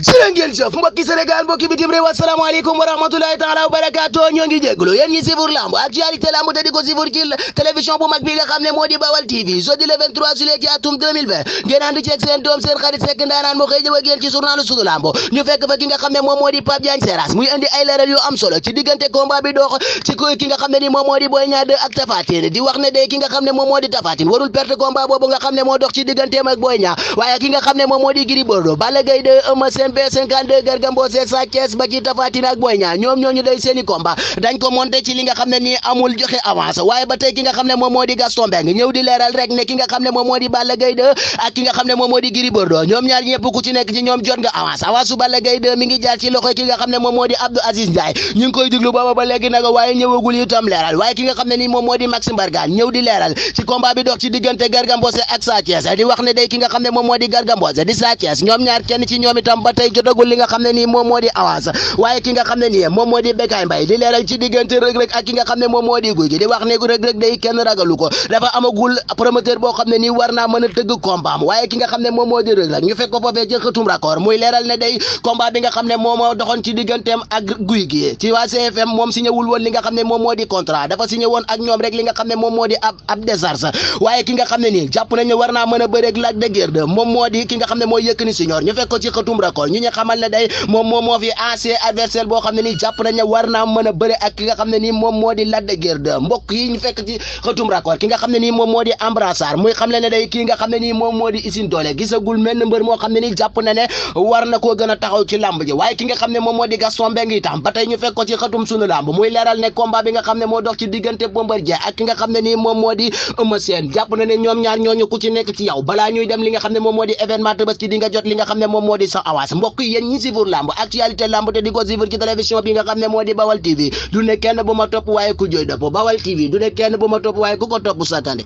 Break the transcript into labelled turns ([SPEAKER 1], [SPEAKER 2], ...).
[SPEAKER 1] jërë ngeen jëf mbokki Sénégal mbokki bitim réew asalaamaaleykum wa rahmatulahi taala wa barakaatoo ñoo ngi jégalu yéen ñi sifur lamb actualité lamb te ko sifur ci télévision bu mag bi nga xam ne moo di Bawal TV jeudi le 23 juillet ci atum 2020 ngeen ànd seen doom seen xarit sekk ndaanaan mu xëy jëw ak ci journalu sunu lamb ñu fekk fa ki nga xam ne moom moo di Pape Diagne Seras muy indi ay leeral yu am solo ci diggante combat bi dox ci seen B52 Garga Mbossé Sa Thiès ba ci Tapha ak Boy Niang ñoom ñooñu day seeni combat dañ ko monté ci li xam ne nii amul joxe avance waaye ba tey ki xam ne moom moo di Gaston ñoom ñaar ñëpp ku ci nekk ci ñoom jot nga avance avance su Balla Gaye 2 mi ci loxo ki xam ne moom moo di Abdou Aziz Ndiaye ñu koy déglu booba ba léegi nag waaye ñëwagul itam leeral waaye ki xam ne nii moom moo di Maxime Bargane ñëw di leeral ci combat bi dox ci di ba tey jotagul li nga xam ne ni moom moo di avance waaye ki nga xam ne ni moom moo di Bécaye Mbaye di leeral ci diggante rëg-rëg ak ki nga xam ne moom moo di guy gi di wax ne rëg-rëg day kenn ragalu ko dafa amagul promoteur boo xam ne ni war naa mën a tëgg combat am waaye ki nga xam ne moom moo di rëg-rëg ñu fekk ko foofee ci xëtum raccord muy leeral ne day combat bi nga xam ne moom moo doxoon ci digganteem ak guy gi ci waa CFM moom signé wul woon li nga xam ne moom moo di contrat dafa signé woon ak nga xam ne moom moo di ab ab décharge waaye ki nga war a moom moo di ki nga xam ne mooy Yékini Senior ñu fekk ko ñu ñu xamal ne day moom moom moo fi ancien adversaire boo xam ne nii jàpp nañ ne war na mën a bëri ak ki nga xam ne nii moom moo di Lac de yi ñu fekk ci xëtum raccord ki xam ne nii moom moo di embrassar muy xam le ne day kii nga xam ne nii moom moo di Isine Doole gisagul menn mbër moo xam ne nii jàpp na na koo gën a taxaw ci làmb ji waaye ki nga xam ne moom Gaston Mbengue itam ba ñu fekk ko ci xëtum sunu làmb muy leeral ne combat bi nga xam ne moo dox ci diggante Bombardier ak ki nga xam ne nii moom moo di Eumeu jàpp na ne ñoom ñaar ñooñu ku ci nekk ci yow balaa ñuy dem li nga xam ne moom moo di événement Tabaski di Thiès mbokk yi yéen ñi suivre lamb actualité lamb te di ko suivre ci télévision bi nga xam ne moo di du ne kenn bu ma topp waaye ku joy dopp Bawal TV du ne kenn bu ma topp waaye ku ko topp satane